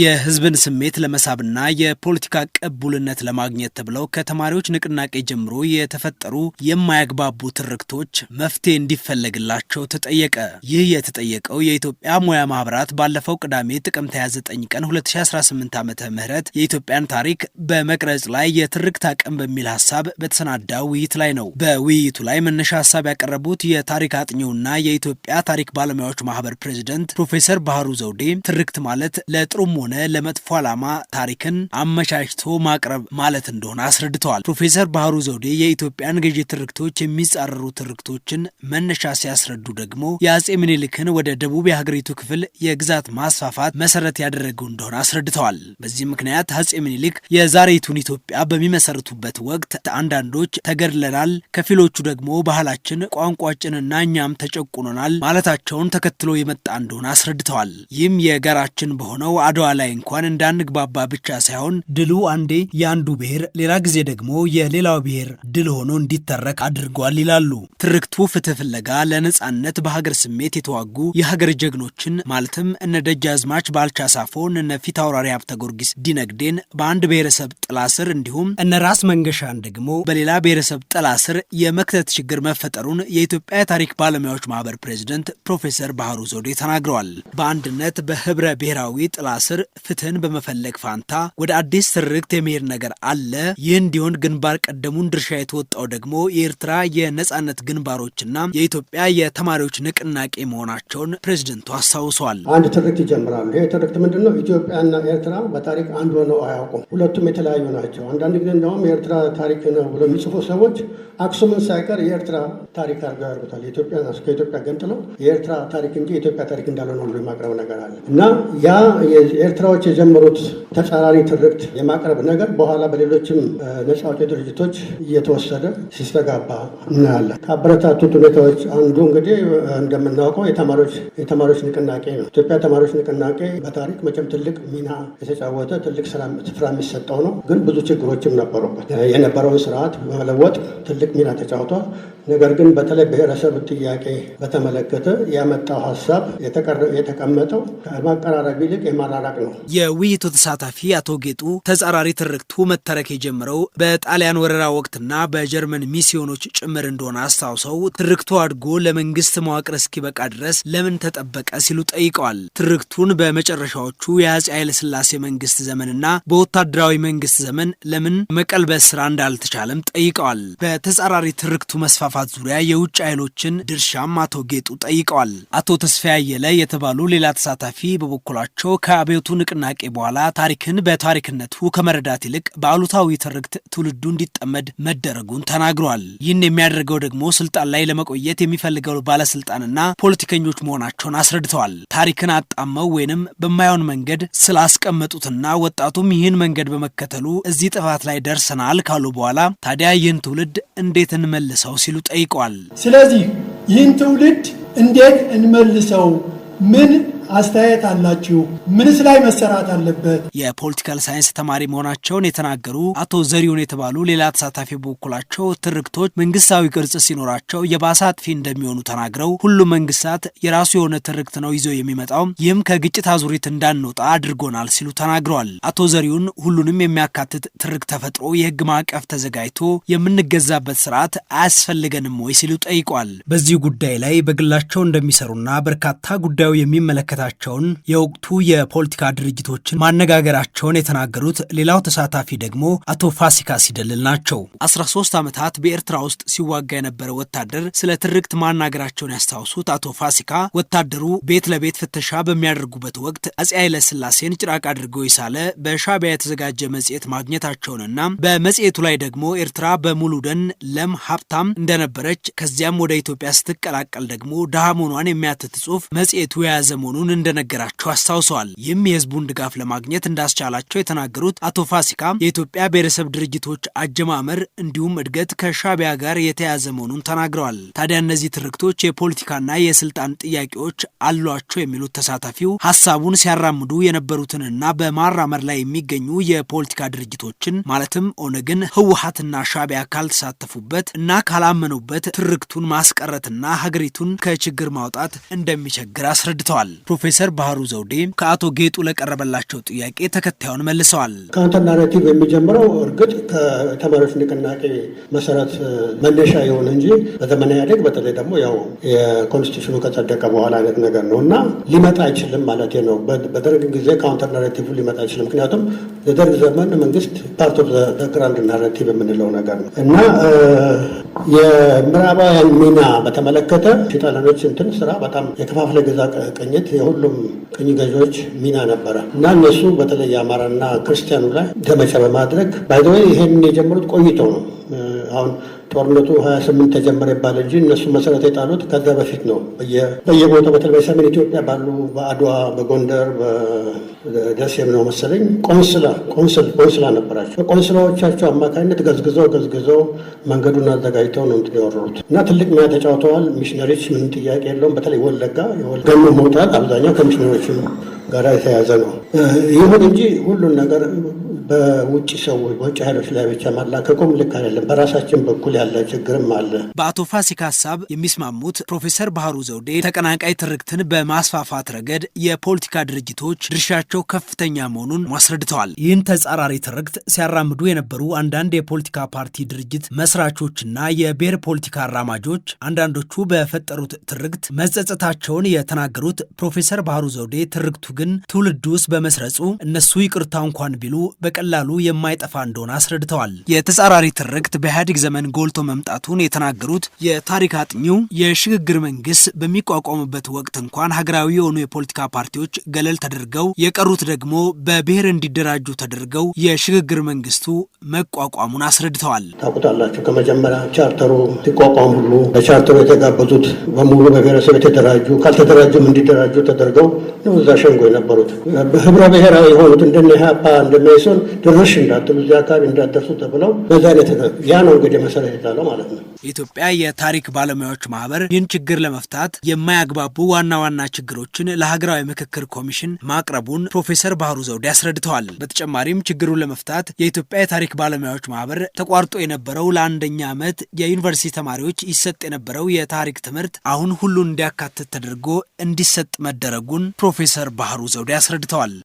የህዝብን ስሜት ለመሳብና የፖለቲካ ቅቡልነት ለማግኘት ተብለው ከተማሪዎች ንቅናቄ ጀምሮ የተፈጠሩ የማያግባቡ ትርክቶች መፍትሄ እንዲፈለግላቸው ተጠየቀ። ይህ የተጠየቀው የኢትዮጵያ ሙያ ማህበራት ባለፈው ቅዳሜ ጥቅምት 29 ቀን 2018 ዓ ም የኢትዮጵያን ታሪክ በመቅረጽ ላይ የትርክት አቅም በሚል ሀሳብ በተሰናዳ ውይይት ላይ ነው። በውይይቱ ላይ መነሻ ሀሳብ ያቀረቡት የታሪክ አጥኚውና የኢትዮጵያ ታሪክ ባለሙያዎች ማህበር ፕሬዚደንት ፕሮፌሰር ባህሩ ዘውዴ ትርክት ማለት ለጥሩ ሆነ ለመጥፎ ዓላማ ታሪክን አመቻችቶ ማቅረብ ማለት እንደሆነ አስረድተዋል። ፕሮፌሰር ባህሩ ዘውዴ የኢትዮጵያን ገዢ ትርክቶች የሚጻረሩ ትርክቶችን መነሻ ሲያስረዱ ደግሞ የአጼ ምኒልክን ወደ ደቡብ የሀገሪቱ ክፍል የግዛት ማስፋፋት መሰረት ያደረገው እንደሆነ አስረድተዋል። በዚህ ምክንያት አጼ ምኒልክ የዛሬቱን ኢትዮጵያ በሚመሰርቱበት ወቅት አንዳንዶች ተገድለናል፣ ከፊሎቹ ደግሞ ባህላችን፣ ቋንቋችንና እኛም ተጨቁኖናል ማለታቸውን ተከትሎ የመጣ እንደሆነ አስረድተዋል። ይህም የጋራችን በሆነው አድዋ ላይ እንኳን እንዳንግባባ ብቻ ሳይሆን ድሉ አንዴ የአንዱ ብሔር ሌላ ጊዜ ደግሞ የሌላው ብሔር ድል ሆኖ እንዲተረክ አድርጓል ይላሉ። ትርክቱ ፍትህ ፍለጋ ለነጻነት በሀገር ስሜት የተዋጉ የሀገር ጀግኖችን ማለትም እነ ደጃዝማች ባልቻ ሳፎን፣ እነ ፊታውራሪ ሀብተ ጊዮርጊስ ዲነግዴን በአንድ ብሔረሰብ ጥላ ስር እንዲሁም እነ ራስ መንገሻን ደግሞ በሌላ ብሔረሰብ ጥላ ስር የመክተት ችግር መፈጠሩን የኢትዮጵያ የታሪክ ባለሙያዎች ማህበር ፕሬዚደንት ፕሮፌሰር ባህሩ ዘውዴ ተናግረዋል። በአንድነት በህብረ ብሔራዊ ጥላ ስር ፍትህን በመፈለግ ፋንታ ወደ አዲስ ትርክት የመሄድ ነገር አለ። ይህ እንዲሆን ግንባር ቀደሙን ድርሻ የተወጣው ደግሞ የኤርትራ የነጻነት ግንባሮችና የኢትዮጵያ የተማሪዎች ንቅናቄ መሆናቸውን ፕሬዚደንቱ አስታውሰዋል። አንድ ትርክት ይጀምራሉ። ይህ ትርክት ምንድን ነው? ኢትዮጵያና ኤርትራ በታሪክ አንድ ሆነው አያውቁም። ሁለቱም የተለያዩ ናቸው። አንዳንድ ጊዜ እንዲሁም የኤርትራ ታሪክ ነው ብሎ የሚጽፉ ሰዎች አክሱምን ሳይቀር የኤርትራ ታሪክ አድርገው ያደርጉታል። ኢትዮጵያ ከኢትዮጵያ ገንጥለው የኤርትራ ታሪክ እንጂ የኢትዮጵያ ታሪክ እንዳልሆነ ብሎ የማቅረብ ነገር አለ እና ያ ኤርትራዎች የጀመሩት ተጻራሪ ትርክት የማቅረብ ነገር በኋላ በሌሎችም ነጻ አውጪ ድርጅቶች እየተወሰደ ሲስተጋባ እናያለን። ከአበረታቱት ሁኔታዎች አንዱ እንግዲህ እንደምናውቀው የተማሪዎች ንቅናቄ ነው። ኢትዮጵያ ተማሪዎች ንቅናቄ በታሪክ መቼም ትልቅ ሚና የተጫወተ ትልቅ ስፍራ የሚሰጠው ነው። ግን ብዙ ችግሮችም ነበሩበት። የነበረውን ስርዓት በመለወጥ ትልቅ ሚና ተጫውቷል። ነገር ግን በተለይ ብሔረሰብ ጥያቄ በተመለከተ ያመጣው ሀሳብ የተቀመጠው ከማቀራረብ ይልቅ የማራራቅ ነው። የውይይቱ ተሳታፊ አቶ ጌጡ ተጻራሪ ትርክቱ መተረክ የጀመረው በጣሊያን ወረራ ወቅትና በጀርመን ሚስዮኖች ጭምር እንደሆነ አስታውሰው ትርክቱ አድጎ ለመንግስት መዋቅር እስኪበቃ ድረስ ለምን ተጠበቀ ሲሉ ጠይቀዋል። ትርክቱን በመጨረሻዎቹ የአፄ ኃይለስላሴ መንግስት ዘመንና በወታደራዊ መንግስት ዘመን ለምን መቀልበስ ስራ እንዳልተቻለም ጠይቀዋል። በተጻራሪ ትርክቱ መስፋፋ ማስፋፋት ዙሪያ የውጭ ኃይሎችን ድርሻም አቶ ጌጡ ጠይቀዋል። አቶ ተስፋ አየለ የተባሉ ሌላ ተሳታፊ በበኩላቸው ከአብዮቱ ንቅናቄ በኋላ ታሪክን በታሪክነቱ ከመረዳት ይልቅ በአሉታዊ ትርክት ትውልዱ እንዲጠመድ መደረጉን ተናግረዋል። ይህን የሚያደርገው ደግሞ ስልጣን ላይ ለመቆየት የሚፈልገው ባለስልጣንና ፖለቲከኞች መሆናቸውን አስረድተዋል። ታሪክን አጣመው ወይንም በማይሆን መንገድ ስላስቀመጡትና ወጣቱም ይህን መንገድ በመከተሉ እዚህ ጥፋት ላይ ደርሰናል ካሉ በኋላ ታዲያ ይህን ትውልድ እንዴት እንመልሰው ሲሉ ጠይቋል። ስለዚህ ይህን ትውልድ እንዴት እንመልሰው? ምን አስተያየት አላችሁ? ምንስ ላይ መሰራት አለበት? የፖለቲካል ሳይንስ ተማሪ መሆናቸውን የተናገሩ አቶ ዘሪሁን የተባሉ ሌላ ተሳታፊ በበኩላቸው ትርክቶች መንግስታዊ ቅርጽ ሲኖራቸው የባሰ አጥፊ እንደሚሆኑ ተናግረው ሁሉም መንግስታት የራሱ የሆነ ትርክት ነው ይዘው የሚመጣው፣ ይህም ከግጭት አዙሪት እንዳንወጣ አድርጎናል ሲሉ ተናግረዋል። አቶ ዘሪሁን ሁሉንም የሚያካትት ትርክት ተፈጥሮ የህግ ማዕቀፍ ተዘጋጅቶ የምንገዛበት ስርዓት አያስፈልገንም ወይ ሲሉ ጠይቋል። በዚህ ጉዳይ ላይ በግላቸው እንደሚሰሩና በርካታ ጉዳዩ የሚመለከታ መነሳታቸውን የወቅቱ የፖለቲካ ድርጅቶችን ማነጋገራቸውን የተናገሩት ሌላው ተሳታፊ ደግሞ አቶ ፋሲካ ሲደልል ናቸው። 13 ዓመታት በኤርትራ ውስጥ ሲዋጋ የነበረ ወታደር ስለ ትርክት ማናገራቸውን ያስታውሱት አቶ ፋሲካ ወታደሩ ቤት ለቤት ፍተሻ በሚያደርጉበት ወቅት አፄ ኃይለ ስላሴን ጭራቅ አድርገው የሳለ በሻቢያ የተዘጋጀ መጽሔት ማግኘታቸውንና በመጽሔቱ ላይ ደግሞ ኤርትራ በሙሉ ደን ለም ሀብታም እንደነበረች ከዚያም ወደ ኢትዮጵያ ስትቀላቀል ደግሞ ድሃ መሆኗን የሚያትት ጽሑፍ መጽሔቱ የያዘ መሆኑን መሆኑን እንደነገራቸው አስታውሰዋል። ይህም የህዝቡን ድጋፍ ለማግኘት እንዳስቻላቸው የተናገሩት አቶ ፋሲካ የኢትዮጵያ ብሔረሰብ ድርጅቶች አጀማመር እንዲሁም እድገት ከሻቢያ ጋር የተያያዘ መሆኑን ተናግረዋል። ታዲያ እነዚህ ትርክቶች የፖለቲካና የስልጣን ጥያቄዎች አሏቸው የሚሉት ተሳታፊው ሀሳቡን ሲያራምዱ የነበሩትንና በማራመድ ላይ የሚገኙ የፖለቲካ ድርጅቶችን ማለትም ኦነግን፣ ህወሀትና ሻቢያ ካልተሳተፉበት እና ካላመኑበት ትርክቱን ማስቀረትና ሀገሪቱን ከችግር ማውጣት እንደሚቸግር አስረድተዋል። ፕሮፌሰር ባህሩ ዘውዴ ከአቶ ጌጡ ለቀረበላቸው ጥያቄ ተከታዩን መልሰዋል። ካውንተር ናሬቲቭ የሚጀምረው እርግጥ ከተማሪዎች ንቅናቄ መሰረት መነሻ የሆነ እንጂ በዘመናዊ ኢህአዴግ በተለይ ደግሞ ያው የኮንስቲቱሽኑ ከጸደቀ በኋላ አይነት ነገር ነው እና ሊመጣ አይችልም ማለት ነው። በደርግ ጊዜ ካውንተር ናሬቲቭ ሊመጣ አይችልም። ምክንያቱም የደርግ ዘመን መንግስት ፓርት ኦፍ ግራንድ ናራቲቭ የምንለው ነገር ነው እና የምዕራባውያን ሚና በተመለከተ ጣሊያኖች እንትን ስራ በጣም የከፋፍለ ገዛ ቅኝት የሁሉም ቅኝ ገዢዎች ሚና ነበረ እና እነሱ በተለይ አማራና ክርስቲያኑ ላይ ዘመቻ በማድረግ ባይዘወይ ይሄን የጀመሩት ቆይተው ነው አሁን ጦርነቱ 28 ተጀመረ ይባል እንጂ እነሱ መሰረት የጣሉት ከዛ በፊት ነው። በየቦታው በተለይ ሰሜን ኢትዮጵያ ባሉ በአድዋ፣ በጎንደር፣ በደሴም ነው መሰለኝ ቆንስላ ቆንስል ቆንስላ ነበራቸው። በቆንስላዎቻቸው አማካኝነት ገዝግዘው ገዝግዘው መንገዱን አዘጋጅተው ነው እንትን የወረሩት እና ትልቅ ሚና ተጫውተዋል። ሚሽነሪች ምን ጥያቄ የለውም። በተለይ ወለጋ ገሞ መውጣት አብዛኛው ከሚሽነሪዎች ጋር የተያዘ ነው። ይሁን እንጂ ሁሉን ነገር በውጭ ሰዎች በውጭ ኃይሎች ላይ ብቻ ማላከቁም ልክ አይደለም። በራሳችን በኩል ያለ ችግርም አለ። በአቶ ፋሲካ ሀሳብ የሚስማሙት ፕሮፌሰር ባህሩ ዘውዴ ተቀናቃይ ትርክትን በማስፋፋት ረገድ የፖለቲካ ድርጅቶች ድርሻቸው ከፍተኛ መሆኑን አስረድተዋል። ይህን ተጻራሪ ትርክት ሲያራምዱ የነበሩ አንዳንድ የፖለቲካ ፓርቲ ድርጅት መስራቾችና የብሔር ፖለቲካ አራማጆች አንዳንዶቹ በፈጠሩት ትርክት መጸጸታቸውን የተናገሩት ፕሮፌሰር ባህሩ ዘውዴ ትርክቱ ግን ትውልድ ውስጥ በመስረጹ እነሱ ይቅርታ እንኳን ቢሉ በቀላሉ የማይጠፋ እንደሆነ አስረድተዋል። የተጻራሪ ትርክት በኢህአዴግ ዘመን ጎልቶ መምጣቱን የተናገሩት የታሪክ አጥኚው የሽግግር መንግስት በሚቋቋምበት ወቅት እንኳን ሀገራዊ የሆኑ የፖለቲካ ፓርቲዎች ገለል ተደርገው የቀሩት ደግሞ በብሔር እንዲደራጁ ተደርገው የሽግግር መንግስቱ መቋቋሙን አስረድተዋል። ታውቁታላችሁ ከመጀመሪያ ቻርተሩ ሲቋቋም ሁሉ በቻርተሩ የተጋበዙት በሙሉ በብሔረሰብ የተደራጁ ካልተደራጁም እንዲደራጁ ተደርገው ነው እዛ ሸንጎ የነበሩት ህብረ ብሔራዊ የሆኑት እንደነ ኢህአፓ እንደመኢሶን ድርሽ እንዳትሉ እዚህ አካባቢ እንዳትደርሱ ተብለው በዛ ያ ነው እንግዲህ መሰረት የጣለው ማለት ነው። የኢትዮጵያ የታሪክ ባለሙያዎች ማህበር ይህን ችግር ለመፍታት የማያግባቡ ዋና ዋና ችግሮችን ለሀገራዊ ምክክር ኮሚሽን ማቅረቡን ፕሮፌሰር ባህሩ ዘውዴ አስረድተዋል። በተጨማሪም ችግሩን ለመፍታት የኢትዮጵያ የታሪክ ባለሙያዎች ማህበር ተቋርጦ የነበረው ለአንደኛ ዓመት የዩኒቨርሲቲ ተማሪዎች ይሰጥ የነበረው የታሪክ ትምህርት አሁን ሁሉን እንዲያካትት ተደርጎ እንዲሰጥ መደረጉን ፕሮፌሰር ባህሩ ዘውዴ አስረድተዋል።